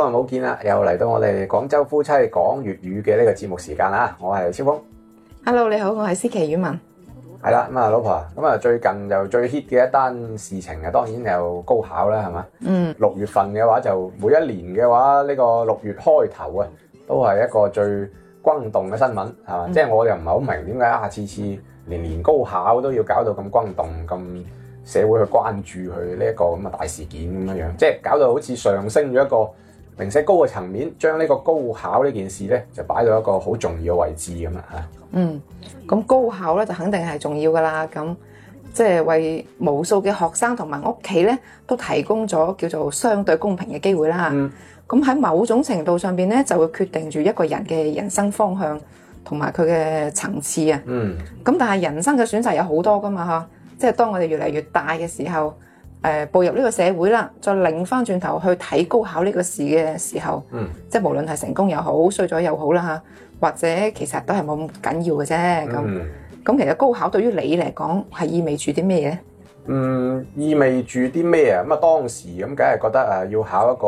好耐冇見啦，又嚟到我哋廣州夫妻講粵語嘅呢個節目時間啦。我係超峰。Hello，你好，我係思琪婉文。係啦，咁啊，老婆，咁啊，最近就最 hit 嘅一單事情啊，當然又高考啦，係嘛？嗯。六月份嘅話就每一年嘅話，呢個六月開頭啊，都係一個最轟動嘅新聞，係嘛？即係、嗯、我又唔係好明，點解下次次年年高考都要搞到咁轟動，咁社會去關注佢呢一個咁嘅大事件咁樣樣，即係搞到好似上升咗一個。明寫高嘅層面，將呢個高考呢件事呢，就擺到一個好重要嘅位置咁樣嚇。嗯，咁高考呢，就肯定係重要噶啦，咁即係為無數嘅學生同埋屋企呢，都提供咗叫做相對公平嘅機會啦嚇。咁喺某種程度上邊呢，就會決定住一個人嘅人生方向同埋佢嘅層次啊。嗯。咁但係人生嘅選擇有好多噶嘛嚇，即係當我哋越嚟越大嘅時候。誒、呃、步入呢個社會啦，再擰翻轉頭去睇高考呢個事嘅時候，嗯、即係無論係成功又好，衰咗又好啦嚇，或者其實都係冇咁緊要嘅啫。咁咁、嗯、其實高考對於你嚟講係意味住啲咩咧？嗯，意味住啲咩啊？咁啊當時咁梗係覺得要考一個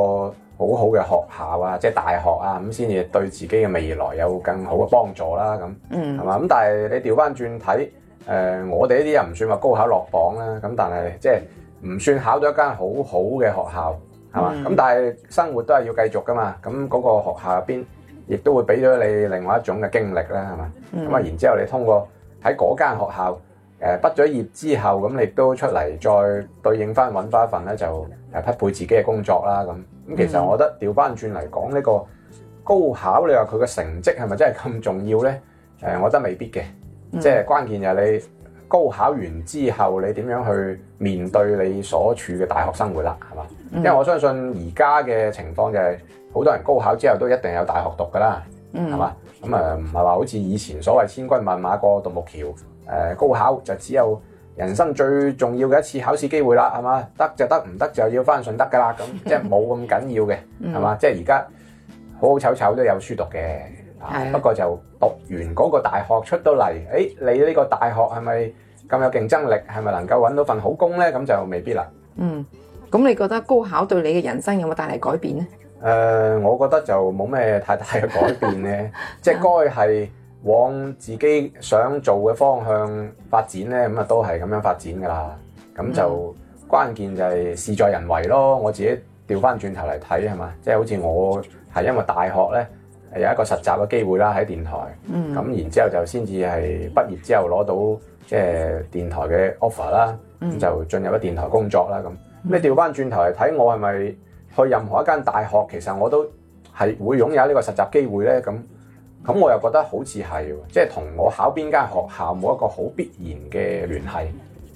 好好嘅學校啊，即、就、係、是、大學啊，咁先至對自己嘅未來有更好嘅幫助啦。咁係嘛？咁、嗯、但係你調翻轉睇，誒、呃、我哋呢啲又唔算話高考落榜啦。咁但係即係。唔算考到一間好好嘅學校，係嘛？咁、嗯、但係生活都係要繼續噶嘛。咁嗰個學校入邊，亦都會俾咗你另外一種嘅經歷啦，係嘛？咁啊、嗯，然之後你通過喺嗰間學校，誒畢咗業之後，咁你亦都出嚟再對應翻揾翻一份咧，就誒匹配自己嘅工作啦。咁咁其實我覺得調翻轉嚟講呢個高考，你話佢嘅成績係咪真係咁重要咧？誒、呃，我覺得未必嘅，嗯、即係關鍵就係你。高考完之後，你點樣去面對你所處嘅大學生活啦？係嘛？嗯、因為我相信而家嘅情況就係好多人高考之後都一定有大學讀噶啦，係嘛、嗯？咁誒唔係話好似以前所謂千軍萬馬過獨木橋誒、呃，高考就只有人生最重要嘅一次考試機會啦，係嘛？得就得，唔得就要返順德噶啦，咁即係冇咁緊要嘅，係嘛、嗯？即係而家好好醜醜都有書讀嘅。是啊，不過就讀完嗰個大學出到嚟，誒、哎，你呢個大學係咪咁有競爭力，係咪能夠揾到份好工呢？咁就未必啦。嗯，咁你覺得高考對你嘅人生有冇帶嚟改變呢？誒、呃，我覺得就冇咩太大嘅改變呢， 即係該係往自己想做嘅方向發展呢。咁、嗯、啊、嗯、都係咁樣發展噶啦。咁就關鍵就係事在人為咯。我自己調翻轉頭嚟睇係嘛，即係好似我係因為大學呢。有一個實習嘅機會啦，喺電台，咁、嗯、然之後就先至係畢業之後攞到即係電台嘅 offer 啦、嗯，就進入咗電台工作啦咁。你調翻轉頭嚟睇，我係咪去任何一間大學，其實我都係會擁有呢個實習機會呢。咁咁我又覺得好似係，即係同我考邊間學校冇一個好必然嘅聯繫，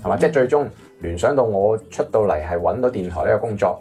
係嘛、嗯？即係最終聯想到我出到嚟係揾到電台呢個工作。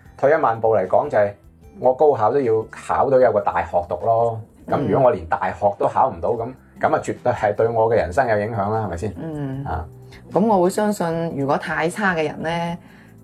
退一萬步嚟講，就係我高考都要考到有個大學讀咯。咁如果我連大學都考唔到，咁咁啊，絕對係對我嘅人生有影響啦，係咪先？嗯。啊，咁我會相信，如果太差嘅人呢，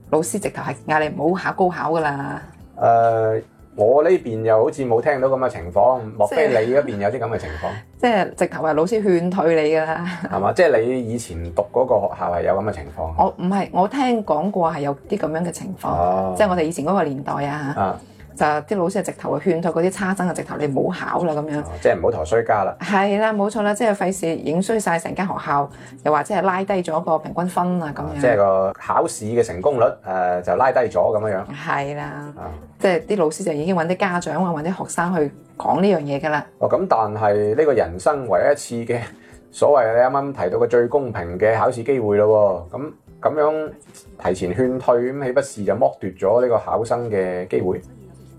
老師直頭係嗌你唔好考高考噶啦。誒、呃。我呢邊又好似冇聽到咁嘅情況，莫非你嗰邊有啲咁嘅情況？即係直頭係老師勸退你㗎啦。係 嘛？即係你以前讀嗰個學校係有咁嘅情況。我唔係，我聽講過係有啲咁樣嘅情況，哦、即係我哋以前嗰個年代啊。就啲老師係直頭去，勸退嗰啲差生啊，直頭你唔好考啦咁樣，即係唔好陀衰家啦。係啦，冇錯啦，即係費事影衰晒成間學校，又或者係拉低咗個平均分啊咁樣，啊、即係個考試嘅成功率誒、呃、就拉低咗咁樣樣。係啦的，啊、即係啲老師就已經揾啲家長啊，揾啲學生去講呢樣嘢㗎啦。哦，咁但係呢個人生唯一一次嘅所謂你啱啱提到嘅最公平嘅考試機會咯，咁咁樣提前勸退咁，豈不是就剝奪咗呢個考生嘅機會？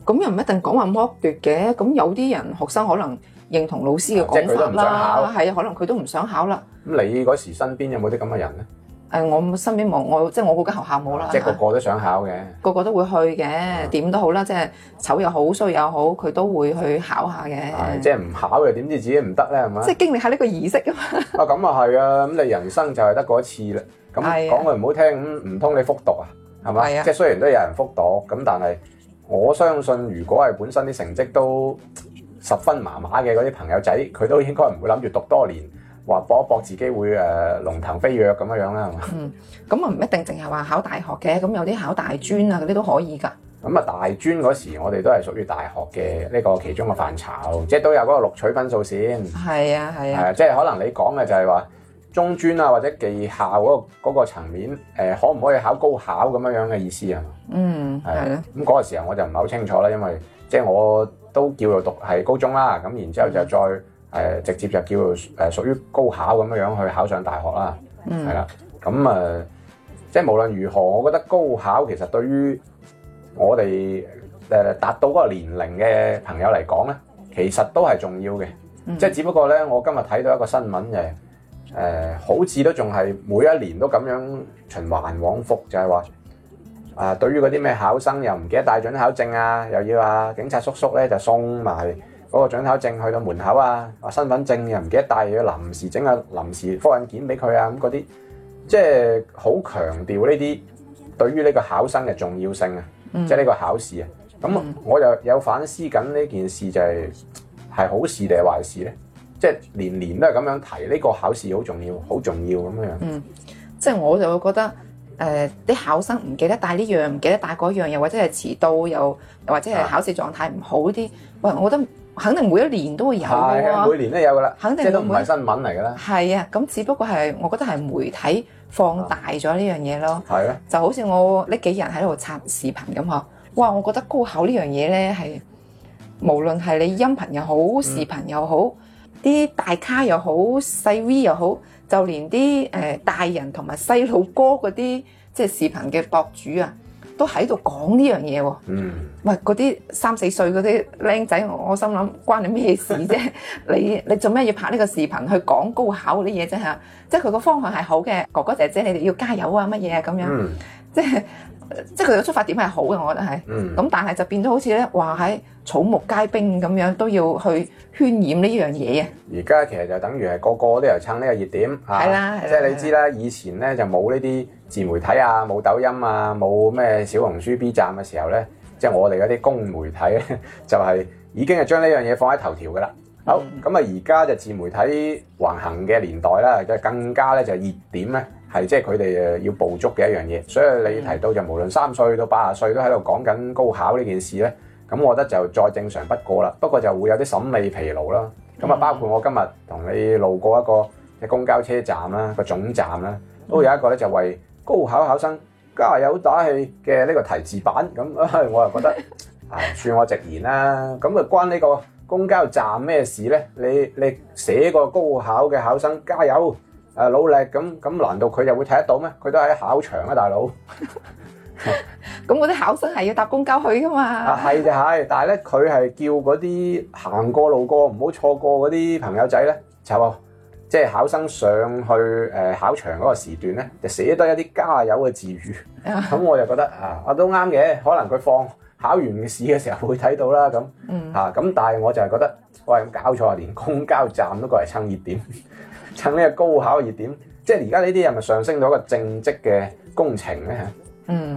咁又唔一定講話剝奪嘅，咁有啲人學生可能認同老師嘅講法啦，係啊，可能佢都唔想考啦。咁你嗰時身邊有冇啲咁嘅人咧？誒，我身邊冇，我即係我嗰間學校冇啦。即係個個都想考嘅，個個都會去嘅，點都好啦，即係醜又好衰又好，佢都會去考下嘅。即係唔考嘅點知自己唔得咧，係嘛？即係經歷下呢個儀式啊嘛。啊，咁啊係啊，咁你人生就係得嗰一次啦。咁講句唔好聽，咁唔通你復讀啊？係嘛？係啊，即係雖然都有人復讀，咁但係。我相信如果係本身啲成績都十分麻麻嘅嗰啲朋友仔，佢都應該唔會諗住讀多年，話搏一搏自己會誒龍騰飛躍咁樣啦，係嘛？嗯，咁啊唔一定淨係話考大學嘅，咁有啲考大專啊嗰啲都可以㗎。咁啊大專嗰時，我哋都係屬於大學嘅呢個其中嘅範疇，即係都有嗰個錄取分數線。係啊係啊，啊即係可能你講嘅就係話。中專啊，或者技校嗰個嗰個層面，誒、呃、可唔可以考高考咁樣樣嘅意思啊？嗯，係。咁嗰、嗯嗰個時候我就唔係好清楚啦，因為即係我都叫做讀係高中啦，咁然之後就再誒、嗯呃、直接就叫做誒屬於高考咁樣樣去考上大學啦。係啦、嗯，咁啊、嗯呃，即係無論如何，我覺得高考其實對於我哋誒達到嗰個年齡嘅朋友嚟講咧，其實都係重要嘅。嗯、即係只不過咧，我今日睇到一個新聞誒。誒、呃、好似都仲係每一年都咁樣循環往復，就係、是、話啊，對於嗰啲咩考生又唔記得帶准考證啊，又要啊警察叔叔咧就送埋嗰個準考證去到門口啊，話、啊、身份證又唔記得帶，又帶要臨時整下臨時複印件俾佢啊，咁嗰啲即係好強調呢啲對於呢個考生嘅重要性啊，即係呢個考試啊，咁、嗯、我又有反思緊呢件事就係、是、係好事定係壞事咧？即係年年都係咁樣提呢、這個考試，好重要，好重要咁樣。嗯，即係我就覺得誒啲、呃、考生唔記得帶呢樣，唔記得帶嗰樣嘢，或者係遲到又或者係考試狀態唔好啲。啊、哇，我覺得肯定每一年都會有、啊、每年都有㗎啦，肯定都唔係新聞嚟㗎啦。係啊，咁只不過係我覺得係媒體放大咗呢樣嘢咯。係咯、啊，就好似我呢幾日喺度刷視頻咁呵。哇，我覺得高考呢樣嘢咧係無論係你音頻又好，視頻又好。嗯啲大咖又好，細 V 又好，就連啲、呃、大人同埋細路哥嗰啲即係視頻嘅博主啊，都喺度講呢樣嘢喎。嗯。Mm. 喂，嗰啲三四歲嗰啲僆仔，我心諗關你咩事啫、啊？ 你你做咩要拍呢個視頻去講高考嗰啲嘢啫嚇，即係佢個方向係好嘅，哥哥姐姐你哋要加油啊乜嘢啊咁樣，mm. 即係。即係佢嘅出發點係好嘅，我覺得係。嗯。咁但係就變咗好似咧，話喺草木皆兵咁樣，都要去渲染呢樣嘢啊。而家其實就等於係個個都有撐呢個熱點。係啦、啊。即係你知啦，以前咧就冇呢啲自媒體啊，冇抖音啊，冇咩小紅書 B 站嘅時候咧，即係我哋嗰啲公媒體咧，就係已經係將呢樣嘢放喺頭條嘅啦。好，咁啊而家就自媒體橫行嘅年代啦，即係更加咧就熱點咧。係即係佢哋誒要捕捉嘅一樣嘢，所以你提到就無論三歲到八十歲都喺度講緊高考呢件事咧，咁我覺得就再正常不過啦。不過就會有啲審美疲勞啦。咁啊，包括我今日同你路過一個即係公交車站啦，個總站啦，都有一個咧就為高考考生加油打氣嘅呢個提示板。咁啊，我又覺得啊，算我直言啦。咁啊，關呢個公交站咩事咧？你你寫個高考嘅考生加油，誒努力咁咁，難道佢又會睇得到咩？佢都喺考場啊，大佬。咁嗰啲考生係要搭公交去㗎嘛？ 啊係就係、是，但係咧佢係叫嗰啲行過路過唔好錯過嗰啲朋友仔咧，就即係考生上去誒、呃、考場嗰個時段咧，就寫得一啲加油嘅字語。咁 我就覺得啊，我都啱嘅，可能佢放考完試嘅時候會睇到啦。咁嚇咁，但係我就係覺得，喂，搞錯呀，連公交站都過嚟蹭熱點。 趁呢個高考熱點，即係而家呢啲係咪上升到一個正職嘅工程咧？嗯，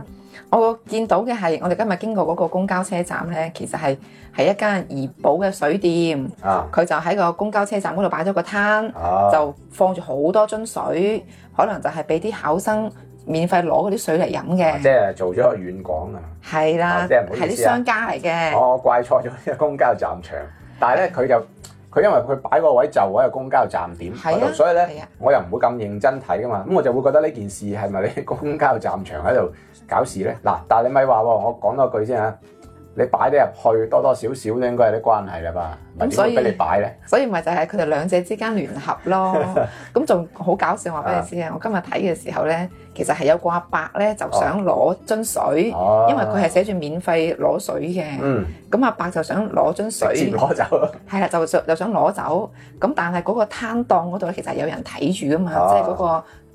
我見到嘅係我哋今日經過嗰、啊、個公交車站咧，其實係係一間怡寶嘅水店，佢就喺個公交車站嗰度擺咗個攤，就放住好多樽水，可能就係俾啲考生免費攞嗰啲水嚟飲嘅。即係做咗個軟廣啊！係、就、啦、是，係啲商家嚟嘅。我、哦、怪錯咗呢個公交站場，但係咧佢就。佢因為佢擺個位就位喺個公交站點度，啊、所以咧、啊、我又唔會咁認真睇噶嘛，咁我就會覺得呢件事係咪你公交站場喺度搞事咧？嗱，但係你咪話喎，我講多句先嚇。你擺啲入去，多多少少都應該有啲關係啦吧。咁所以你擺咧？所以咪就係佢哋兩者之間聯合咯。咁仲 好搞笑話俾你知啊！我今日睇嘅時候咧，其實係有個阿伯咧就想攞樽水，哦、因為佢係寫住免費攞水嘅。嗯，咁阿伯就想攞樽水攞走。係啦，就就就想攞走。咁但係嗰個攤檔嗰度其實有人睇住噶嘛，即係嗰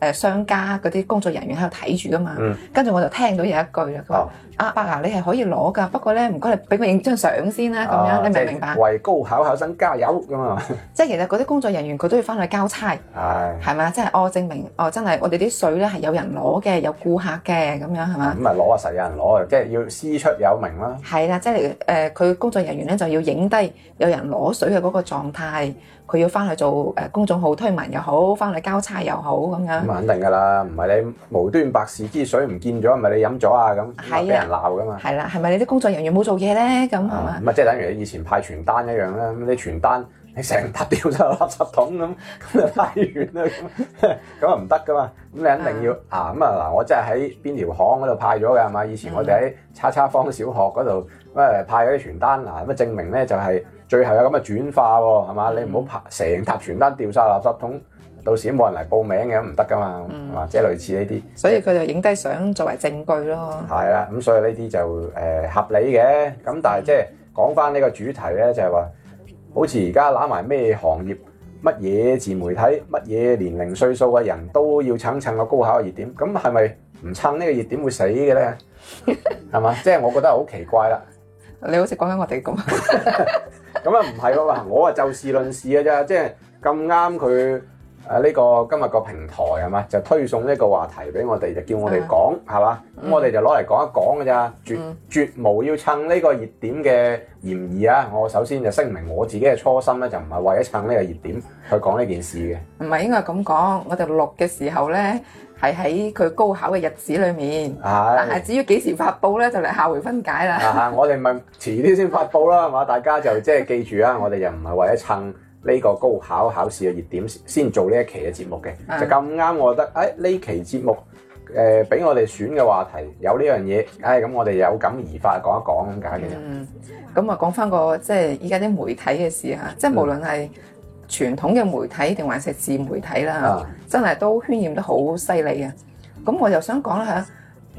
個商家嗰啲工作人員喺度睇住噶嘛。跟住、嗯、我就聽到有一句啦，佢話，哦阿伯啊，啊，你係可以攞噶，不過咧唔該你俾佢影張相先啦，啊、咁、啊、樣你明唔明白？為高考，考考生加油咁啊！ 即係其實嗰啲工作人員佢都要翻去交差，係咪啊？即係哦，證明哦，真係我哋啲水咧係有人攞嘅，有顧客嘅咁樣係嘛？咁咪攞啊，實、嗯、有人攞嘅，即係要師出有名啦。係啦，啊，即係誒，佢、呃、工作人員咧就要影低有人攞水嘅嗰個狀態，佢要翻去做誒公眾號推文又好，翻去交差又好咁樣。咁肯定噶啦，唔係你無端白事之水唔見咗，唔係你飲咗啊？咁係啊。鬧噶嘛？係啦，係咪你啲工作人員冇做嘢咧？咁係嘛？咁啊、嗯，係咪即係等於以前派傳單一樣啦。咁啲傳單你成沓掉晒垃圾桶咁，咁啊就快完啦，咁咁啊唔得噶嘛。咁你肯定要啊。咁啊嗱、啊啊，我即係喺邊條巷嗰度派咗嘅係嘛？以前我哋喺叉叉坊小學嗰度、嗯呃，派嗰啲傳單嗱，咁證明咧就係、是、最後有咁嘅轉化喎，係嘛？嗯、你唔好派成沓傳單掉晒垃圾桶。到時冇人嚟報名嘅唔得噶嘛，係嘛？即係類似呢啲，所以佢就影低相作為證據咯。係啦，咁所以呢啲就誒合理嘅。咁但係即係講翻呢個主題咧，就係話，好似而家攬埋咩行業、乜嘢自媒體、乜嘢年齡歲數嘅人都要蹭蹭個高考嘅熱點，咁係咪唔蹭呢個熱點會死嘅咧？係嘛？即係我覺得好奇怪啦。你好似講緊我哋咁，咁啊唔係喎，我啊就事論事嘅啫，即係咁啱佢。誒呢、啊這個今日個平台係嘛，就推送呢個話題俾我哋，就叫我哋講係嘛，咁我哋就攞嚟講一講㗎咋，絕、嗯、絕無要蹭呢個熱點嘅嫌疑啊！我首先就聲明我自己嘅初心咧，就唔係為咗蹭呢個熱點去講呢件事嘅。唔係應該咁講，我哋錄嘅時候咧係喺佢高考嘅日子裏面，啊、但係至於幾時發布咧，就嚟下回分解啦。吓、 啊、我哋咪遲啲先發布啦，係嘛？大家就即係記住啊， 我哋又唔係為咗蹭。呢個高考考試嘅熱點先做呢一期嘅節目嘅，的就咁啱，我覺得，誒、哎、呢期節目，誒、呃、俾我哋選嘅話題有呢樣嘢，誒、哎、咁我哋有感而發講一講咁解嘅。嗯，咁啊講翻個即係依家啲媒體嘅事嚇，嗯、即係無論係傳統嘅媒體定還是自媒體啦，的真係都渲染得好犀利啊！咁我又想講下，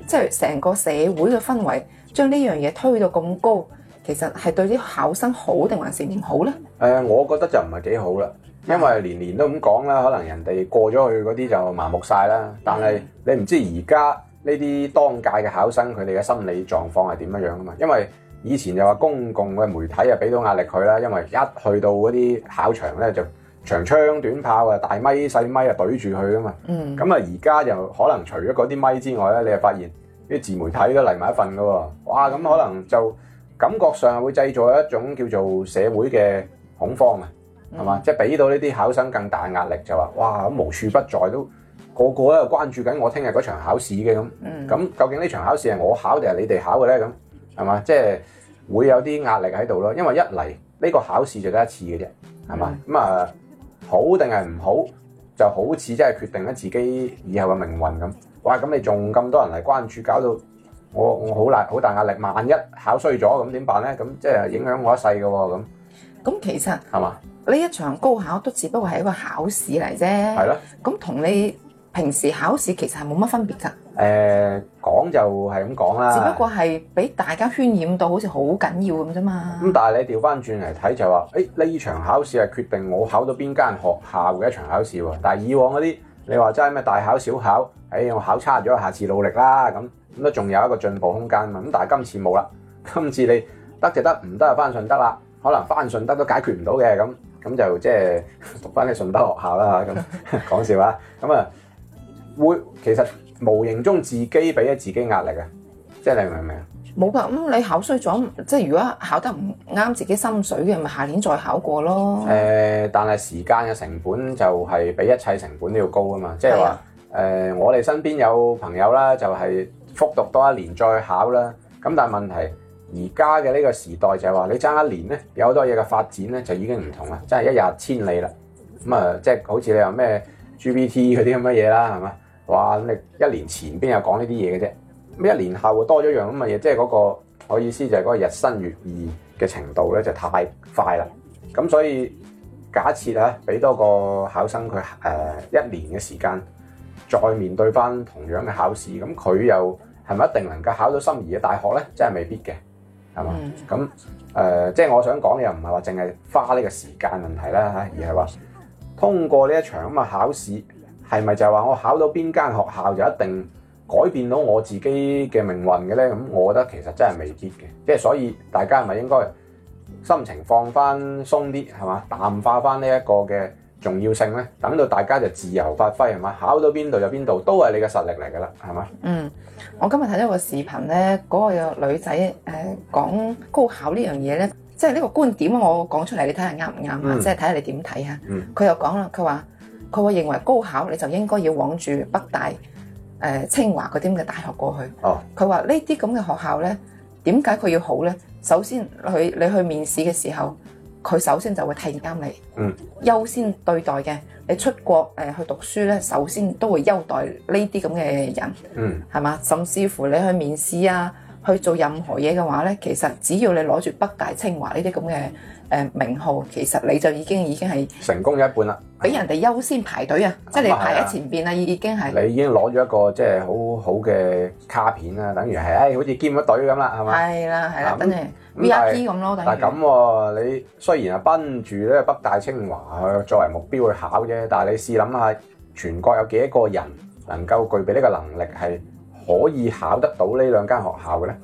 即係成個社會嘅氛圍將呢樣嘢推到咁高。其實係對啲考生好定還是點好呢？誒、呃，我覺得就唔係幾好啦，因為年年都咁講啦，可能人哋過咗去嗰啲就麻木晒啦。但係你唔知而家呢啲當屆嘅考生佢哋嘅心理狀況係點樣樣噶嘛？因為以前就話公共嘅媒體啊，俾到壓力佢啦，因為一去到嗰啲考場咧，就長槍短炮啊，大咪細咪啊，對住佢噶嘛。嗯。咁啊，而家就可能除咗嗰啲咪之外咧，你又發現啲自媒體都嚟埋一份噶。哇！咁可能就。感覺上會製造一種叫做社會嘅恐慌啊，係嘛？嗯、即係俾到呢啲考生更大壓力，就話哇，無處不在，都個個咧關注緊我聽日嗰場考試嘅咁。咁、嗯、究竟呢場考試係我考定係你哋考嘅咧？咁係嘛？即係會有啲壓力喺度咯。因為一嚟呢、呢個考試就得一次嘅啫，係嘛？咁啊、嗯嗯，好定係唔好，就好似真係決定咗自己以後嘅命運咁。哇！咁你仲咁多人嚟關注，搞到～我我好大好大壓力，萬一考衰咗咁點辦呢？咁即係影響我一世嘅喎。咁咁其實係嘛？呢吧一場高考都只不過係一個考試嚟啫。係咯的。咁同你平時考試其實係冇乜分別噶。誒講、呃、就係咁講啦。只不過係俾大家渲染到好似好緊要咁啫嘛。咁但係你調翻轉嚟睇就話誒呢場考試係決定我考到邊間學校嘅一場考試喎。但係以往嗰啲你話真係咩大考小考？誒、欸、我考差咗，下次努力啦咁。咁都仲有一個進步空間嘛？咁但係今次冇啦。今次你得就得，唔得就返順德啦。可能返順德都解決唔到嘅咁，咁就即係讀返啲順德學校啦。咁講笑啊？咁啊，會其實無形中自己俾咗自己壓力啊、嗯。即係你明唔明啊？冇㗎。咁你考衰咗，即係如果考得唔啱自己心水嘅，咪下年再考過咯。誒、呃，但係時間嘅成本就係比一切成本都要高、就是、說是啊嘛。即係話誒，我哋身邊有朋友啦，就係、是。復讀多一年再考啦，咁但係問題而家嘅呢個時代就係話你爭一年咧，有好多嘢嘅發展咧就已經唔同啦，真係一日千里啦。咁、嗯、啊，即係好似你話咩 GPT 嗰啲咁嘅嘢啦，係嘛？哇！你一年前邊有講呢啲嘢嘅啫？咁一年後啊會多咗樣咁嘅嘢，即係嗰、嗰個我意思就係嗰個日新月異嘅程度咧就太快啦。咁、嗯、所以假設啊，俾多個考生佢誒、呃、一年嘅時間，再面對翻同樣嘅考試，咁佢又～係咪一定能夠考到心儀嘅大學咧？真係未必嘅，係嘛。咁誒，即係我想講嘅，又唔係話淨係花呢個時間問題啦吓，而係話通過呢一場咁嘅考試，係咪就係話我考到邊間學校就一定改變到我自己嘅命運嘅咧？咁我覺得其實真係未必嘅，即係所以大家係咪應該心情放翻鬆啲，係嘛，淡化翻呢一個嘅。重要性咧，等到大家就自由發揮係嘛，考到邊度就邊度，都係你嘅實力嚟㗎啦，係嘛？嗯，我今日睇咗個視頻咧，嗰個女仔誒講高考呢樣嘢咧，即係呢個觀點我講出嚟，你睇下啱唔啱啊？即係睇下你點睇啊？嗯，佢又講啦，佢話佢會認為高考你就應該要往住北大、誒清華嗰啲咁嘅大學過去。哦，佢話呢啲咁嘅學校咧，點解佢要好咧？首先佢你，你去面試嘅時候。佢首先就會提前你，嗯、優先對待嘅。你出國、呃、去讀書呢，首先都會優待呢啲咁嘅人，係嘛、嗯？甚至乎你去面試啊，去做任何嘢嘅話咧，其實只要你攞住北大、清華呢啲咁嘅誒名號，其實你就已經已經係成功咗一半啦，俾人哋優先排隊啊！即係你排喺前邊啊，已經係你已經攞咗一個即係好好嘅卡片啦，等於係誒好似兼咗隊咁啦，係咪？係啦，係啦，真係 VIP 咁咯。等於 VIP 但係咁喎，你雖然係奔住咧北大、清華去作為目標去考啫，但係你試諗下，全國有幾多個人能夠具備呢個能力係？可以考得到呢兩間學校嘅咧，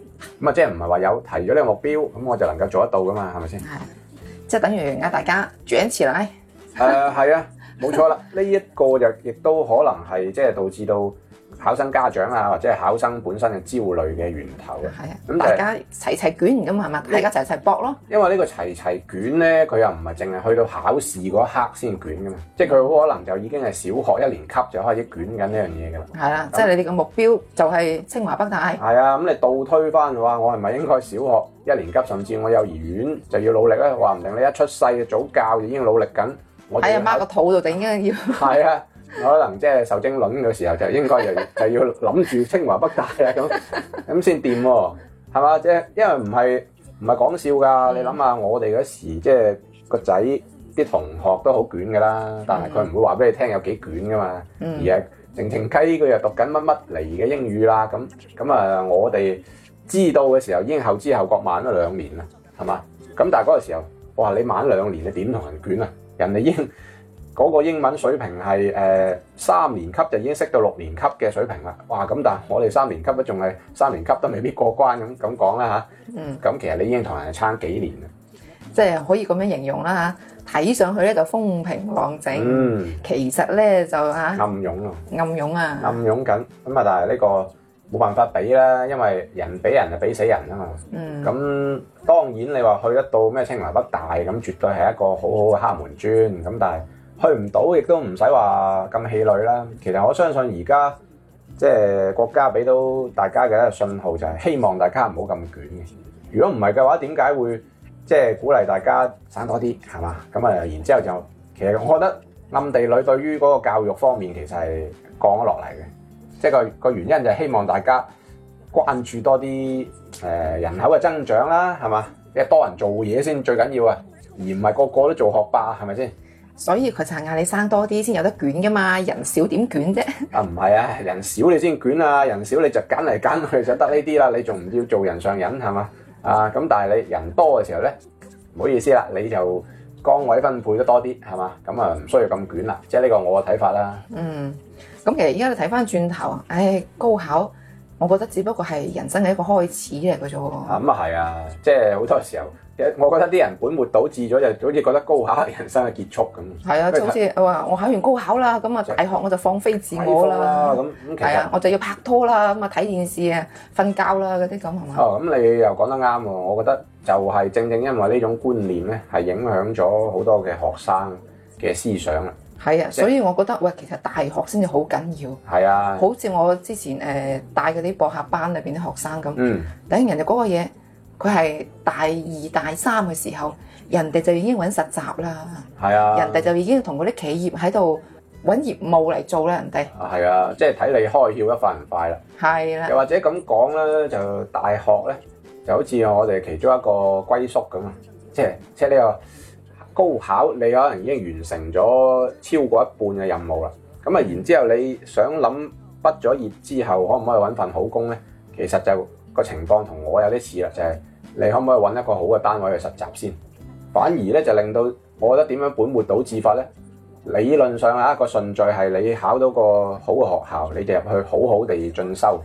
咁啊即係唔係話有提咗呢個目標，咁我就能夠做得到噶嘛，係咪先？係，即係等於嗌大家轉一次嚟。誒係啊，冇錯啦，呢一 個就亦都可能係即係導致到。考生家長啊，或者係考生本身嘅焦慮嘅源頭。係啊，咁、就是、大家齊齊卷咁係嘛？大家一齊齊搏咯。因為呢個齊齊捲咧，佢又唔係淨係去到考試嗰一刻先捲嘅嘛，嗯、即係佢好可能就已經係小學一年級就開始捲緊呢樣嘢嘅啦。係啦、啊，那即係你哋嘅目標就係清華北大。係啊，咁你倒推返話，我係咪應該小學一年級甚至我幼兒園就要努力咧？話唔定你一出世嘅早教已經努力緊。喺阿媽個肚度頂緊要。係 啊。可能即係受精卵嘅時候就應該就就要諗住清華北大啦，咁咁先掂喎，係嘛？即係因為唔係唔係講笑㗎，嗯、你諗下我哋嗰時即係、就是、個仔啲同學都好卷㗎啦，但係佢唔會話俾你聽有幾捲㗎嘛，嗯、而係靜靜雞佢又讀緊乜乜嚟嘅英語啦，咁咁啊，我哋知道嘅時候已經後知後覺晚咗兩年啦，係嘛？咁但係嗰時候，哇！你晚兩年你點同人捲啊？人哋已經～嗰個英文水平係誒三年級就已經識到六年級嘅水平啦，哇！咁但係我哋三年級都仲係三年級都未必過關咁咁講啦嚇。嗯。咁其實你已經同人撐幾年啦。即係可以咁樣形容啦嚇，睇上去咧就風平浪靜，其實咧就嚇暗湧咯，暗湧啊，暗湧緊。咁啊，但係呢個冇辦法比啦，因為人比人就比死人啊嘛。嗯。咁當然你話去得到咩清華北大咁，絕對係一個好好嘅敲門磚。咁但係去唔到，亦都唔使話咁氣餒啦。其實我相信而家即係國家俾到大家嘅一個信號，就係希望大家唔好咁捲嘅。如果唔係嘅話，點解會即係鼓勵大家省多啲係嘛？咁啊，然之後就其實我覺得暗地裏對於嗰個教育方面其實係降咗落嚟嘅，即係個，個原因就希望大家關注多啲、呃、人口嘅增長啦，係嘛？你多人做嘢先最緊要啊，而唔係個個都做學霸，係咪先？所以佢就嗌你生多啲先有得捲噶嘛，人少點捲啫。啊，唔係啊，人少你先捲啊，人少你就揀嚟揀去，就得呢啲啦，你仲唔要做人上人係嘛？啊，咁但係你人多嘅時候咧，唔好意思啦，你就崗位分配得多啲係嘛，咁啊唔需要咁捲啦。即係呢個我嘅睇法啦。嗯，咁其實而家你睇翻轉頭，唉、哎，高考，我覺得只不過係人生嘅一個開始嚟嘅啫。咁啊係啊，即係好多時候。我覺得啲人本末倒置咗，就好似覺得高考係人生嘅結束咁。係啊，好似我話我考完高考啦，咁啊大學我就放飛自我啦，咁咁其實我就要拍拖啦，咁啊睇電視啊瞓覺啦嗰啲咁係嘛？哦，咁你又講得啱喎，我覺得就係正正因為呢種觀念咧，係影響咗好多嘅學生嘅思想啦。係啊，所以我覺得喂，其實大學先至好緊要。係啊，好似我之前誒帶嗰啲博客班裏邊啲學生咁，嗯，等人哋嗰個嘢。佢係大二大三嘅時候，人哋就已經揾實習啦。係啊，人哋就已經同嗰啲企業喺度揾業務嚟做啦。人哋係啊，即係睇你開竅得快唔快啦。係啦。又或者咁講咧，就大學咧就好似我哋其中一個歸宿咁啊，即係即係呢個高考，你可能已經完成咗超過一半嘅任務啦。咁啊，然之後你想諗畢咗業之後可唔可以揾份好工咧？其實就～個情況同我有啲似啦，就係你可唔可以揾一個好嘅單位去實習先？反而咧就令到我覺得點樣本末倒置法咧？理論上啊，個順序係你考到個好嘅學校，你哋入去好好地進修，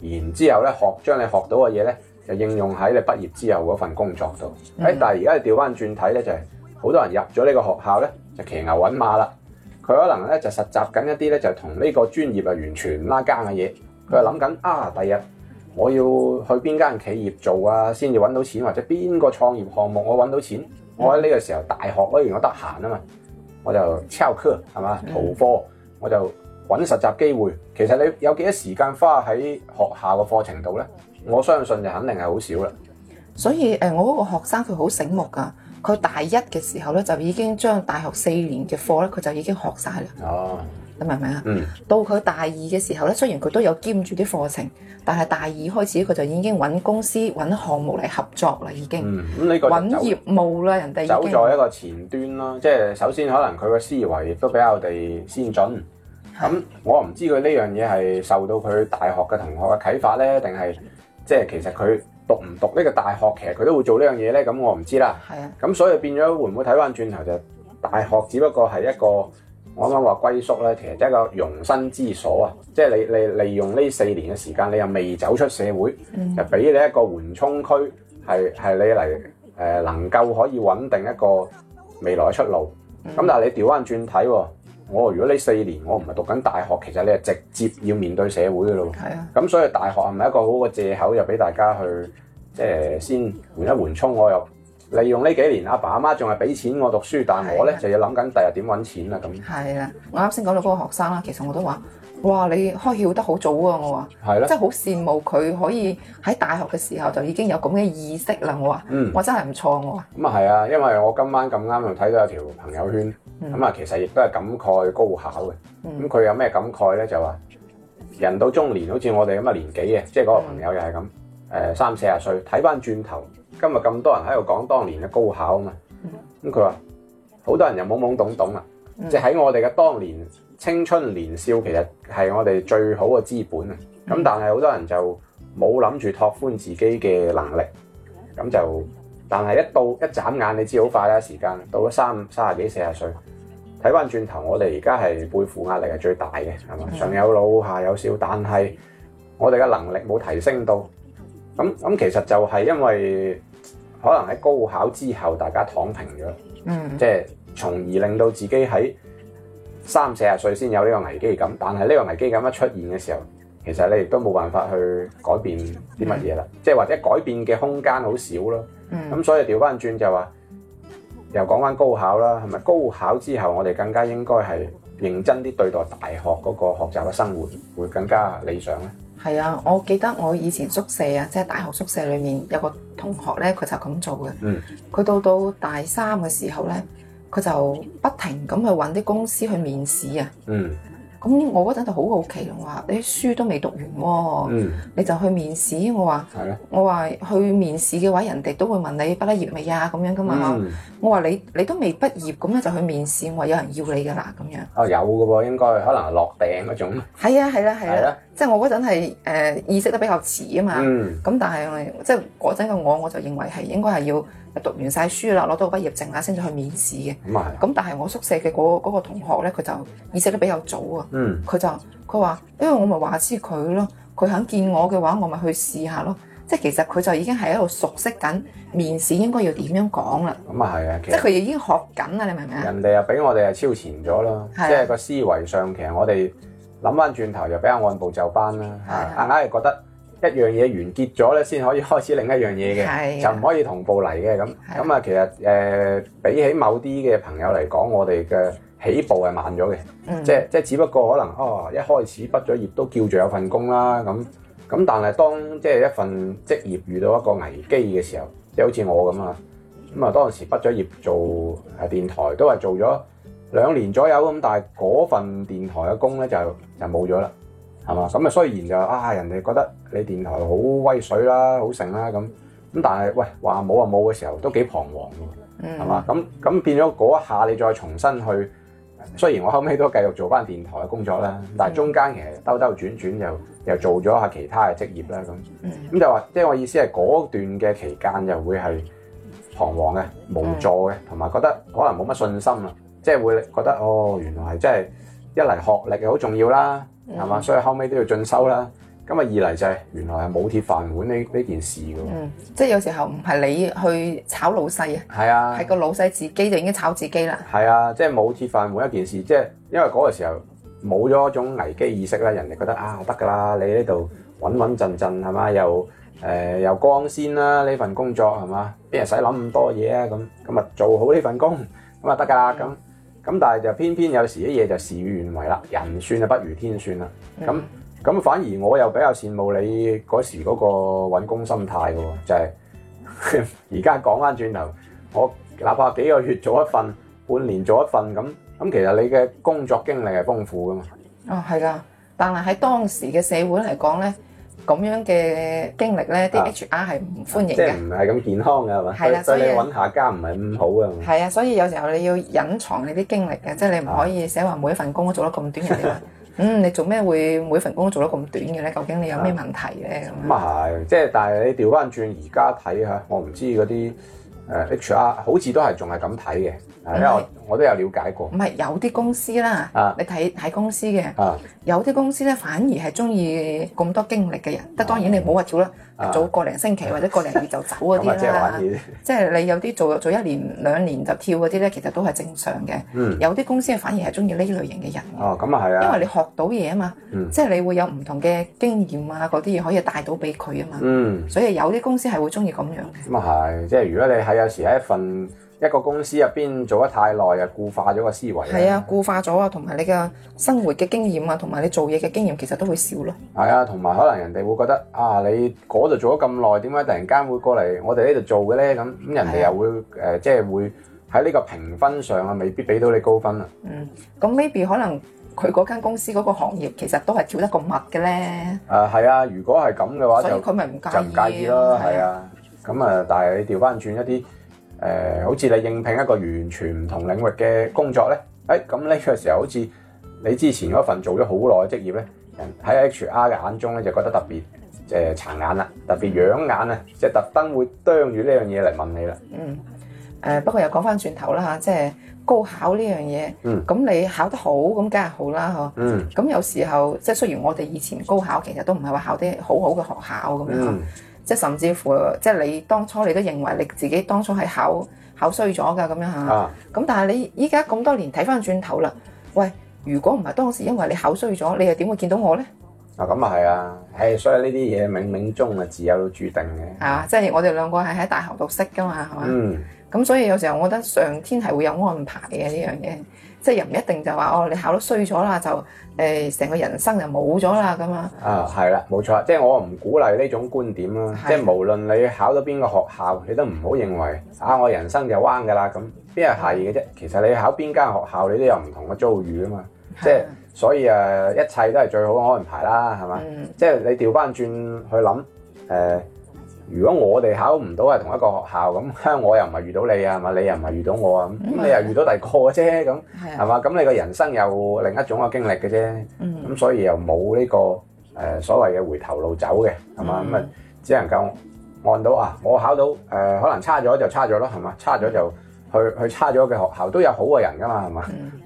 然之後咧學將你學到嘅嘢咧，就應用喺你畢業之後嗰份工作度。誒、嗯，但係而家你調翻轉睇咧，就係好多人入咗呢個學校咧，就騎牛揾馬啦。佢可能咧就實習緊一啲咧，就係同呢個專業啊完全唔拉更嘅嘢。佢就諗緊啊，第日。我要去邊間企業做啊，先至揾到錢，或者邊個創業項目我揾到錢？的我喺呢個時候大學嗰段我得閒啊嘛，我就翹課係嘛，逃課，是課是的我就揾實習機會。其實你有幾多時間花喺學校嘅課程度呢？我相信就肯定係好少啦。所以誒，我嗰個學生佢好醒目噶，佢大一嘅時候呢，就已經將大學四年嘅課呢，佢就已經學晒啦。哦。你明唔明啊？嗯、到佢大二嘅時候咧，雖然佢都有兼住啲課程，但係大二開始佢就已經搵公司搵項目嚟合作啦，已經搵、嗯這個、業務啦，人哋走在一個前端啦。即係首先可能佢個思維亦都比我哋先進。咁是、嗯、我唔知佢呢樣嘢係受到佢大學嘅同學嘅啟發咧，定係即係其實佢讀唔讀呢個大學，其實佢都會做這件事呢樣嘢咧。咁我唔知啦。係啊。咁、嗯、所以變咗會唔會睇翻轉頭就是、大學只不過係一個。我啱啱話歸宿咧，其實一個容身之所啊，即係你利利用呢四年嘅時間，你又未走出社會，就俾、嗯、你一個緩衝區，係係你嚟誒、呃、能夠可以穩定一個未來嘅出路。咁、嗯、但係你調翻轉睇，我如果呢四年我唔係讀緊大學，其實你就直接要面對社會噶咯。係啊。咁所以大學係咪一個好嘅借口，又俾大家去即係先緩一緩衝，我又？利用呢幾年，阿爸阿媽仲係俾錢我讀書，但係我咧的就要諗緊第日點揾錢啦咁。係啦，我啱先講到嗰個學生啦，其實我都話：哇，你開竅得好早啊！我話係啦，真係好羨慕佢可以喺大學嘅時候就已經有咁嘅意識啦。我話嗯，我真係唔錯。我話咁啊係啊，嗯嗯嗯、因為我今晚咁啱又睇到有條朋友圈，咁啊、嗯嗯、其實亦都係感慨高考嘅。咁佢、嗯嗯、有咩感慨咧？就話人到中年，好似我哋咁嘅年紀嘅，即係嗰個朋友又係咁，誒三四十歲，睇翻轉頭。今日咁多人喺度講當年嘅高考啊嘛，咁佢話好多人又懵懵懂懂啦，mm hmm. 即係喺我哋嘅當年青春年少，其實係我哋最好嘅資本啊，咁、mm hmm. 但係好多人就冇諗住拓寬自己嘅能力，咁就，但係一到一眨眼，你知好快啦，時間到咗三三十幾四十歲，睇返轉頭，我哋而家係背負壓力係最大嘅，係嘛，mm hmm. 上有老下有少，但係我哋嘅能力冇提升到，咁咁其實就係因為。可能喺高考之後，大家躺平咗，即係從而令到自己喺三四十歲先有呢個危機感。但係呢個危機感一出現嘅時候，其實你亦都冇辦法去改變啲乜嘢啦。即係、嗯、或者改變嘅空間好少咯。咁、嗯、所以調翻轉就話，又講翻高考啦，係咪高考之後我哋更加應該係認真啲對待大學嗰個學習嘅生活，會更加理想咧？係啊，我記得我以前宿舍啊，即係大學宿舍裏面有個同學咧，佢就咁做嘅。嗯，佢到到大三嘅時候咧，佢就不停咁去搵啲公司去面試啊。嗯咁我嗰陣就好好奇，我話你書都未讀完喎、哦，嗯、你就去面試？我話，的我話去面試嘅話，人哋都會問你畢咗業未啊咁樣噶嘛？嗯、我話你，你都未畢業，咁樣就去面試，我話有人要你㗎啦咁樣。啊、有㗎喎，應該可能落訂嗰種。係啊，係啦，係啦，即係的我嗰陣係誒意識得比較遲啊嘛。咁、嗯、但係即係嗰陣嘅我，我就認為係應該係要。讀完晒書啦，攞到畢業證啦，先至去面試嘅。咁係、嗯。咁但係我宿舍嘅，嗰、嗰個嗰個同學咧，佢就意識得比較早啊。嗯。佢就佢話，因為我咪話知佢咯，佢肯見我嘅話，我咪去試下咯。即係其實佢就已經係喺度熟悉緊面試應該要點樣講啦。咁啊係啊，嗯、即係佢已經學緊啊，你明唔明啊？人哋又比我哋啊超前咗咯，嗯、即係個思維上，其實我哋諗翻轉頭又比較按部就班啦，嗯、是硬係覺得。一樣嘢完結咗咧，先可以開始另一樣嘢嘅，啊、就唔可以同步嚟嘅咁。咁啊，其實誒、呃，比起某啲嘅朋友嚟講，我哋嘅起步係慢咗嘅、嗯，即係即係，只不過可能哦，一開始畢咗業都叫做有份工啦。咁咁，但係當即係一份職業遇到一個危機嘅時候，即係好似我咁啊。咁啊，當時畢咗業做誒電台，都係做咗兩年左右。咁但係嗰份電台嘅工咧就就冇咗啦。係嘛？咁啊？雖然就啊，人哋覺得你電台好威水啦、啊，好盛啦咁咁，但係喂，話冇啊冇嘅時候都幾彷徨，係嘛？咁咁變咗嗰一下，你再重新去。雖然我後尾都繼續做翻電台嘅工作啦，但係中間其實兜兜轉轉又又做咗下其他嘅職業啦，咁咁，就話即係我意思係嗰段嘅期間又會係彷徨嘅無助嘅，同埋、mm hmm. 覺得可能冇乜信心啦，即係會覺得哦，原來係即係一嚟學歷又好重要啦。係嘛，所以後尾都要進修啦。咁啊二嚟就係原來係冇鐵飯碗呢呢件事噶。嗯，即係有時候唔係你去炒老細啊，係啊，係個老細自己就已經炒自己啦。係啊，即係冇鐵飯碗一件事，即係因為嗰個時候冇咗一種危機意識啦。人哋覺得啊，得噶啦，你呢度穩穩陣陣係嘛，又誒、呃、又光鮮啦呢份工作係嘛，邊人使諗咁多嘢啊咁？咁啊做好呢份工咁啊得噶啦咁。咁但係就偏偏有時啲嘢就事與願違啦，人算就不如天算啦。咁咁、嗯、反而我又比較羨慕你嗰時嗰個搵工心態喎，就係而家講翻轉頭，我哪怕幾個月做一份，半年做一份咁，咁其實你嘅工作經歷係豐富㗎嘛。哦，係㗎，但係喺當時嘅社會嚟講咧。咁樣嘅經歷咧，啲 HR 係唔歡迎嘅，即係唔係咁健康嘅係嘛？係啦，所以你揾下家唔係咁好嘅。係啊，所以有時候你要隱藏你啲經歷嘅，即係、啊、你唔可以寫話每一份工都做得咁短嘅。啊、你話嗯，你做咩會每份工都做得咁短嘅咧？究竟你有咩問題咧？咁啊係，即係但係你調翻轉而家睇嚇，我唔知嗰啲誒 HR 好似都係仲係咁睇嘅。因為我都有了解過，唔係有啲公司啦，你睇睇公司嘅，有啲公司咧反而係中意咁多經歷嘅人。得當然你唔好話跳啦，早個零星期或者個零月就走嗰啲啦，即係你有啲做做一年兩年就跳嗰啲咧，其實都係正常嘅。有啲公司反而係中意呢類型嘅人。哦，咁啊係啊，因為你學到嘢啊嘛，即係你會有唔同嘅經驗啊，嗰啲嘢可以帶到俾佢啊嘛。嗯，所以有啲公司係會中意咁樣嘅。咁啊係，即係如果你喺有時喺一份一個公司入邊做得太耐啊，固化咗個思維。係啊，固化咗啊，同埋你嘅生活嘅經驗啊，同埋你做嘢嘅經驗，其實都會少咯。係啊，同埋可能人哋會覺得啊，你嗰度做咗咁耐，點解突然間會過嚟我哋呢度做嘅咧？咁咁人哋又會誒，即係、啊呃就是、會喺呢個評分上啊，未必俾到你高分啊。嗯，咁 maybe 可能佢嗰間公司嗰個行業其實都係跳得咁密嘅咧。誒、啊，係啊，如果係咁嘅話，所以佢咪唔介意咯。係啊，咁啊，啊，但係你調翻轉一啲。誒，好似你應聘一個完全唔同領域嘅工作咧，誒，咁呢個時候好似你之前嗰份做咗好耐嘅職業咧，喺 HR 嘅眼中咧就覺得特別誒殘眼啦，特別養眼啊，即係特登會啄住呢樣嘢嚟問你啦。嗯，誒不過又講翻轉頭啦嚇，即係高考呢樣嘢，咁你考得好咁梗係好啦嗬。嗯。咁有時候即係雖然我哋以前高考其實都唔係話考啲好好嘅學校咁樣。即係甚至乎，即係你當初你都認為你自己當初係考考衰咗噶咁樣嚇，咁、啊、但係你依家咁多年睇翻轉頭啦，喂，如果唔係當時因為你考衰咗，你又點會見到我呢？啊，咁啊係啊，誒，所以呢啲嘢冥冥中啊自有都注定嘅啊，即係我哋兩個係喺大學度識噶嘛，係嘛，咁、嗯、所以有時候我覺得上天係會有安排嘅呢樣嘢。即係又唔一定就話哦，你考到衰咗啦，就誒成、欸、個人生就冇咗啦咁啊！啊係啦，冇、嗯、錯，即係我唔鼓勵呢種觀點啦。的即係無論你考到邊個學校，你都唔好認為的啊，我的人生就彎噶啦咁。邊係係嘅啫？嗯、其實你考邊間學校，你都有唔同嘅遭遇啊嘛。即係的所以誒，一切都係最好嘅安排啦，係嘛？嗯、即係你調翻轉去諗誒。呃如果我哋考唔到係同一個學校咁，我又唔係遇到你啊，係嘛？你又唔係遇到我啊，咁你又遇到第個嘅啫，咁係嘛？咁你個人生又另一種嘅經歷嘅啫，咁所以又冇呢個誒所謂嘅回頭路走嘅，係嘛？咁啊，只能夠按到啊，我考到誒，可能差咗就差咗咯，係嘛？差咗就去去差咗嘅學校都有好嘅人噶嘛，係嘛？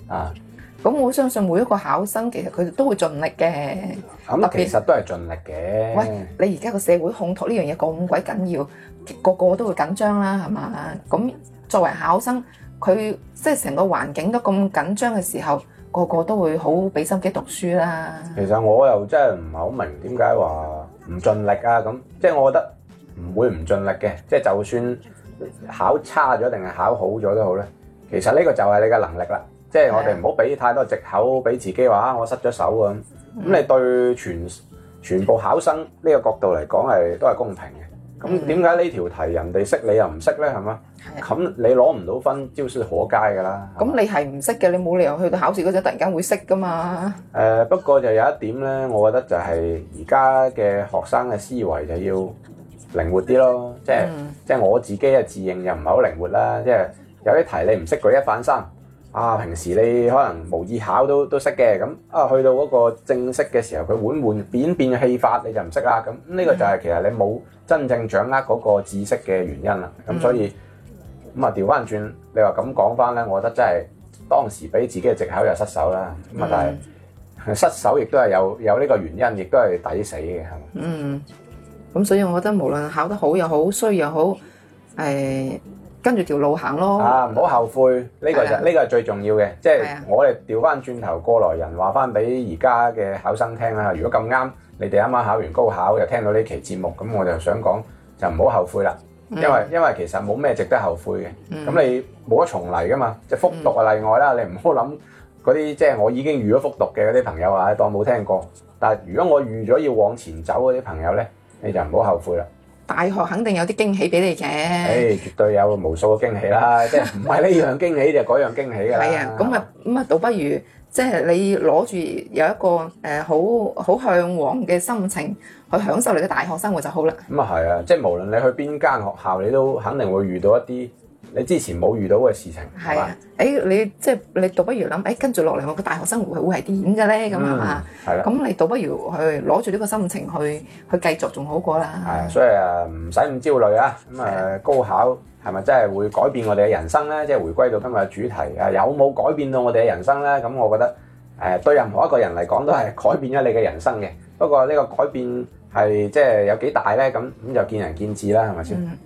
啊！咁我相信每一個考生其實佢都會盡力嘅，特別其實都係盡力嘅。喂，你而家個社會烘托呢樣嘢咁鬼緊要，個個都會緊張啦，係嘛？咁作為考生，佢即係成個環境都咁緊張嘅時候，個個都會好俾心機讀書啦。其實我又真係唔係好明點解話唔盡力啊？咁即係我覺得唔會唔盡力嘅，即係就算考差咗定係考好咗都好咧。其實呢個就係你嘅能力啦。即係我哋唔好俾太多藉口俾自己話我失咗手啊！咁你對全全部考生呢個角度嚟講係都係公平嘅。咁點解呢條題人哋識你又唔識呢？係咪？咁的你攞唔到分，招數可佳㗎啦。咁你係唔識嘅，你冇理由去到考試嗰陣突然間會識㗎嘛？誒、呃，不過就有一點呢，我覺得就係而家嘅學生嘅思維就要靈活啲咯。即係、嗯、即係我自己啊，自認又唔係好靈活啦。即係有啲題你唔識，舉一反三。啊！平時你可能模擬考都都識嘅，咁啊，去到嗰個正式嘅時候，佢換換變變戲法你就唔識啦。咁呢個就係其實你冇真正掌握嗰個知識嘅原因啦。咁所以咁啊調翻轉，你話咁講翻咧，我覺得真係當時俾自己嘅藉口又失手啦。咁啊，但係失手亦都係有有呢個原因，亦都係抵死嘅，係嘛？嗯。咁所以，我覺得無論考得好又好，衰又好，誒、哎。跟住條路行咯，啊唔好後悔，呢、啊、個就呢、這個係最重要嘅。即係、啊、我哋調翻轉頭過來人話翻俾而家嘅考生聽啦。如果咁啱，你哋啱啱考完高考又聽到呢期節目，咁我就想講就唔好後悔啦。因為、嗯、因為其實冇咩值得後悔嘅。咁、嗯、你冇得重嚟噶嘛，即係復讀啊例外啦。嗯、你唔好諗嗰啲即係我已經預咗復讀嘅嗰啲朋友啊，嗯、當冇聽過。但如果我預咗要往前走嗰啲朋友咧，你就唔好後悔啦。大學肯定有啲驚喜俾你嘅。誒、哎，絕對有無數嘅驚喜啦， 即係唔係呢樣驚喜就嗰樣驚喜噶啦。係啊，咁啊咁啊，那倒不如即係、就是、你攞住有一個誒、呃、好好向往嘅心情去享受你嘅大學生活就好啦。咁啊係啊，即、就、係、是、無論你去邊間學校，你都肯定會遇到一啲。你之前冇遇到嘅事情，係啊，誒，你即係你倒不如諗，誒，跟住落嚟我嘅大學生活會係點嘅咧，咁啊，係啦，咁你倒不如去攞住呢個心情去去繼續仲好過啦。係啊，所以誒唔使咁焦慮啊。咁誒，高考係咪真係會改變我哋嘅人生咧？即係回歸到今日嘅主題啊，有冇改變到我哋嘅人生咧？咁我覺得誒，對任何一個人嚟講都係改變咗你嘅人生嘅。不過呢個改變係即係有幾大咧？咁咁就見仁見智啦，係咪先？嗯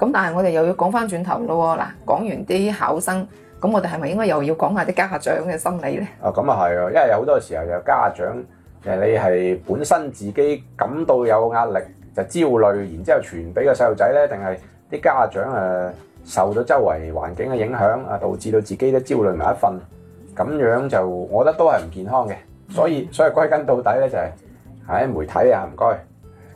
咁但係我哋又要講翻轉頭咯。嗱，講完啲考生，咁我哋係咪應該又要講下啲家長嘅心理咧？啊，咁啊係啊，因為有好多時候就家長誒，你係本身自己感到有壓力就焦慮，然之後傳俾個細路仔咧，定係啲家長誒、啊、受咗周圍環境嘅影響啊，導致到自己都焦慮埋一份，咁樣就我覺得都係唔健康嘅。所以所以歸根到底咧就係、是，喺、哎、媒體啊唔該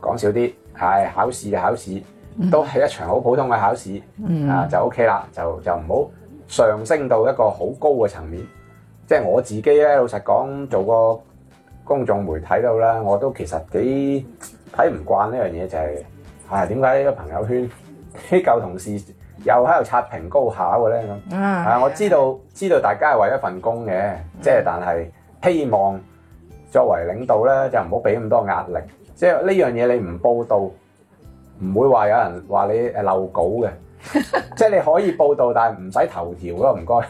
講少啲，係、哎、考試就、啊、考試。都係一場好普通嘅考試，嗯、啊就 O K 啦，就、OK、了就唔好上升到一個好高嘅層面。即、就、係、是、我自己咧，老實講，做個公眾媒體到啦，我都其實幾睇唔慣呢樣嘢，就係啊點解呢個朋友圈啲舊同事又喺度刷屏高考嘅咧咁？哎、啊，我知道知道大家係為咗一份工嘅，即係、嗯、但係希望作為領導咧，就唔好俾咁多壓力。即係呢樣嘢你唔報道。唔會話有人話你誒漏稿嘅，即係你可以報道，但係唔使頭條咯，唔該。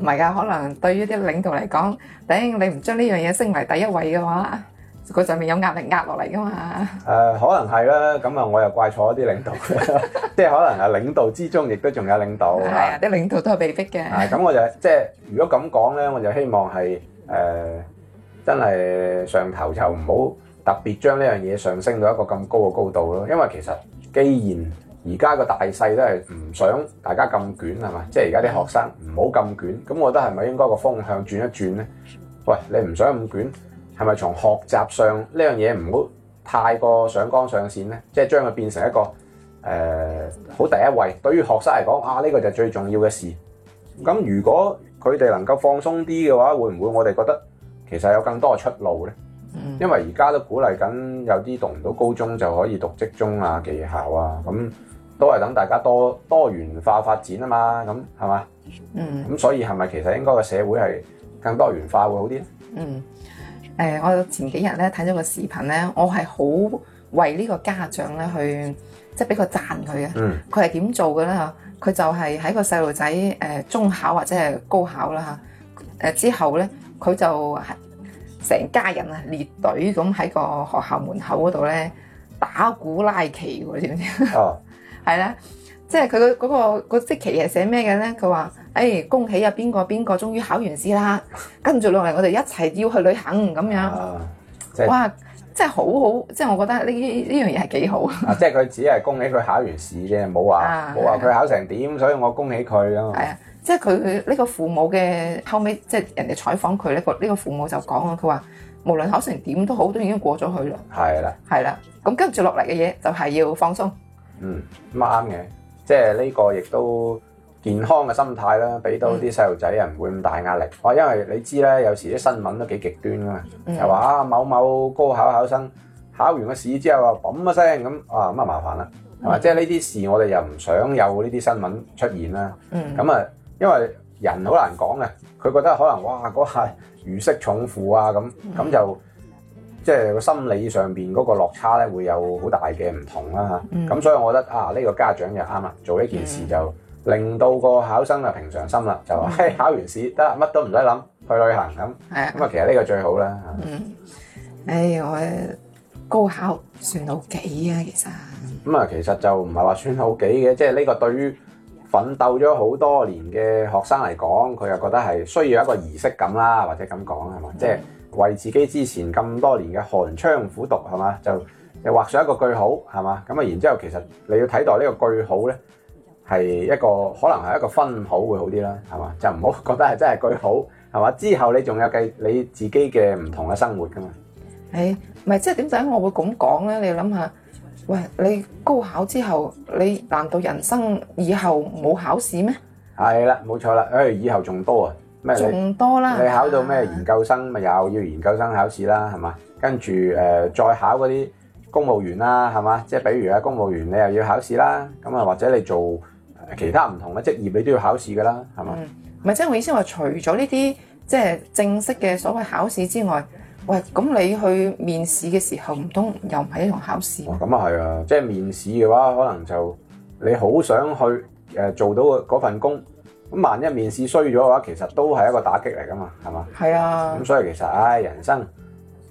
唔係㗎，可能對於啲領導嚟講，頂你唔將呢樣嘢升為第一位嘅話，佢上面有壓力壓落嚟㗎嘛。誒，可能係啦，咁啊，我又怪錯一啲領導，即係可能係，領導之中亦都仲有領導。係啊，啲領導都係被逼嘅。係，咁我就即係如果咁講咧，我就希望係誒真係上頭就唔好，特別將呢樣嘢上升到一個咁高嘅高度咯，因為其實既然而家個大勢都係唔想大家咁捲係嘛，即係而家啲學生唔好咁捲，咁我覺得係咪應該個方向轉一轉呢？喂，你唔想咁捲，係咪從學習上呢樣嘢唔好太過上綱上線呢，即係將佢變成一個誒好、呃、第一位，對於學生嚟講，啊呢個就係最重要嘅事。咁如果佢哋能夠放鬆啲嘅話，會唔會我哋覺得其實有更多嘅出路呢？因為而家都鼓勵緊，有啲讀唔到高中就可以讀職中啊、技校啊，咁、嗯嗯、都係等大家多多元化發展啊嘛，咁係嘛？嗯。咁、嗯、所以係咪其實應該個社會係更多元化會好啲咧？嗯。誒，我前幾日咧睇咗個視頻咧，我係好為呢個家長咧去，即係俾個讚佢嘅。嗯。佢係點做嘅咧？嚇，佢就係喺個細路仔誒中考或者係高考啦嚇，誒之後咧佢就係。成家人啊，列隊咁喺個學校門口嗰度咧打鼓拉旗喎，知唔知？哦，係啦，即係佢嗰嗰個、嗰個職旗係寫咩嘅咧？佢話，誒、哎、恭喜啊，邊個邊個終於考完試啦！跟住落嚟，我哋一齊要去旅行咁、oh. 樣。Oh. 是哇！即係好好，即係我覺得呢呢呢樣嘢係幾好。啊，即係佢只係恭喜佢考完試啫，冇話冇話佢考成點，oh. 所以我恭喜佢啊嘛。Oh. 即係佢佢呢個父母嘅，後尾，即係人哋採訪佢咧，個呢個父母就講啊，佢話無論考成點都好，都已經過咗去啦。係啦，係啦。咁跟住落嚟嘅嘢就係要放鬆。嗯，啱嘅，即係呢個亦都健康嘅心態啦，俾到啲細路仔啊，唔會咁大壓力。嗯，因為你知咧，有時啲新聞都幾極端噶嘛，又話啊某某高考考生考完個試之後啊嘣一聲咁啊麻煩啦，係嘛，嗯？即係呢啲事我哋又唔想有呢啲新聞出現啦。嗯，咁啊。因為人好難講嘅，佢覺得可能哇嗰下如釋重負啊咁，咁就、嗯、即係個心理上邊嗰個落差咧會有好大嘅唔同啦嚇。咁、嗯、所以我覺得啊呢、呢個家長就啱啦，做呢件事就令到個考生嘅平常心啦，就話嘿考完試得喇，乜都唔使諗，去旅行咁。係啊，咁啊的其實呢個最好啦嚇。嗯、哎，我高考算到幾啊，其實咁啊其實就唔係話算好幾嘅，即係呢個對於。奮鬥咗好多年嘅學生嚟講，佢又覺得係需要一個儀式感啦，或者咁講係嘛，即係的為自己之前咁多年嘅寒窗苦讀係嘛，就又畫上一個句號係嘛，咁啊然之後，後其實你要睇待呢個句號咧，係一個可能係一個分號會好啲啦，係嘛，就唔好覺得係真係句號係嘛，之後你仲有計你自己嘅唔同嘅生活噶嘛？係，唔係，即係點解我會咁講咧？你諗下。喂，你高考之後，你難道人生以後冇考試咩？係啦，冇錯啦，誒、欸，以後仲多啊，咩？仲多啦！你考到咩研究生咪又、啊、要研究生考試啦，係嘛？跟住誒，再考嗰啲公務員啦，係嘛？即係比如啊，公務員你又要考試啦，咁啊或者你做其他唔同嘅職業你都要考試噶啦，係嘛？唔係、嗯、即係我意思話，除咗呢啲即係正式嘅所謂考試之外。喂，咁你去面試嘅時候唔通又唔係一場考試？哦，咁啊係啊，即係面試嘅話，可能就你好想去、呃、做到嗰份工，咁萬一面試衰咗嘅話，其實都係一個打擊嚟噶嘛，係嘛？係啊，咁所以其實唉、哎，人生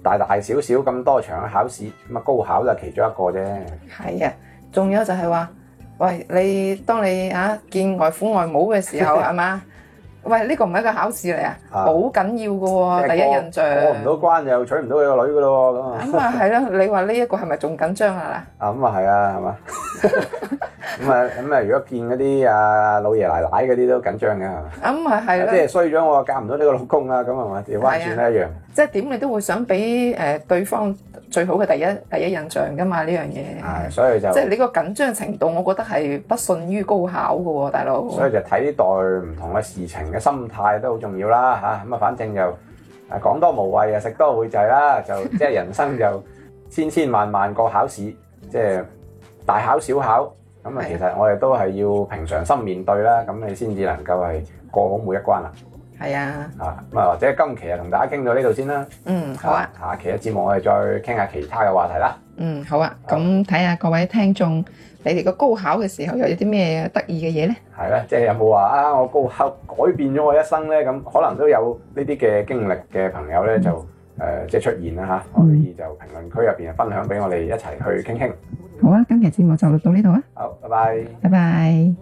大大小小咁多場考試，咁啊高考就係其中一個啫。係啊，仲有就係話，喂，你當你啊見外父外母嘅時候，係嘛？喂，呢個唔係一個考試嚟啊，好緊要㗎喎，第一印象過唔到關，又娶唔到佢個女㗎咯，咁啊！咁啊係咯，你話呢一個係咪仲緊張啊？啊咁啊係啊，係嘛？咁啊咁啊，如果見嗰啲啊老爺奶奶嗰啲都緊張㗎係嘛？咁啊係，即係衰咗我嫁唔到呢個老公啦，咁係嘛？彎轉都一樣。即係點你都會想俾誒對方。最好嘅第一第一印象噶嘛，呢樣嘢，所以就，即係呢個緊張程度，我覺得係不遜於高考嘅喎，大佬。所以就睇待唔同嘅事情嘅心態都好重要啦嚇，咁啊反正就講多無謂啊，食多會滯啦，就即係人生就千千萬萬個考試，即係大考小考，咁啊其實我哋都係要平常心面對啦，咁你先至能夠係過好每一關啦。係啊，啊咁啊或者今期啊同大家傾到呢度先啦。嗯，好啊。啊下期嘅節目我哋再傾下其他嘅話題啦。嗯，好啊。咁睇下各位聽眾，你哋個高考嘅時候又有啲咩得意嘅嘢咧？係啦、啊，即係有冇話啊我高考改變咗我一生咧？咁可能都有呢啲嘅經歷嘅朋友咧就誒、嗯呃、即係出現啦吓，可、啊、以就評論區入邊分享俾我哋一齊去傾傾。好啊，今期節目就到呢度啊。好，拜拜。拜拜。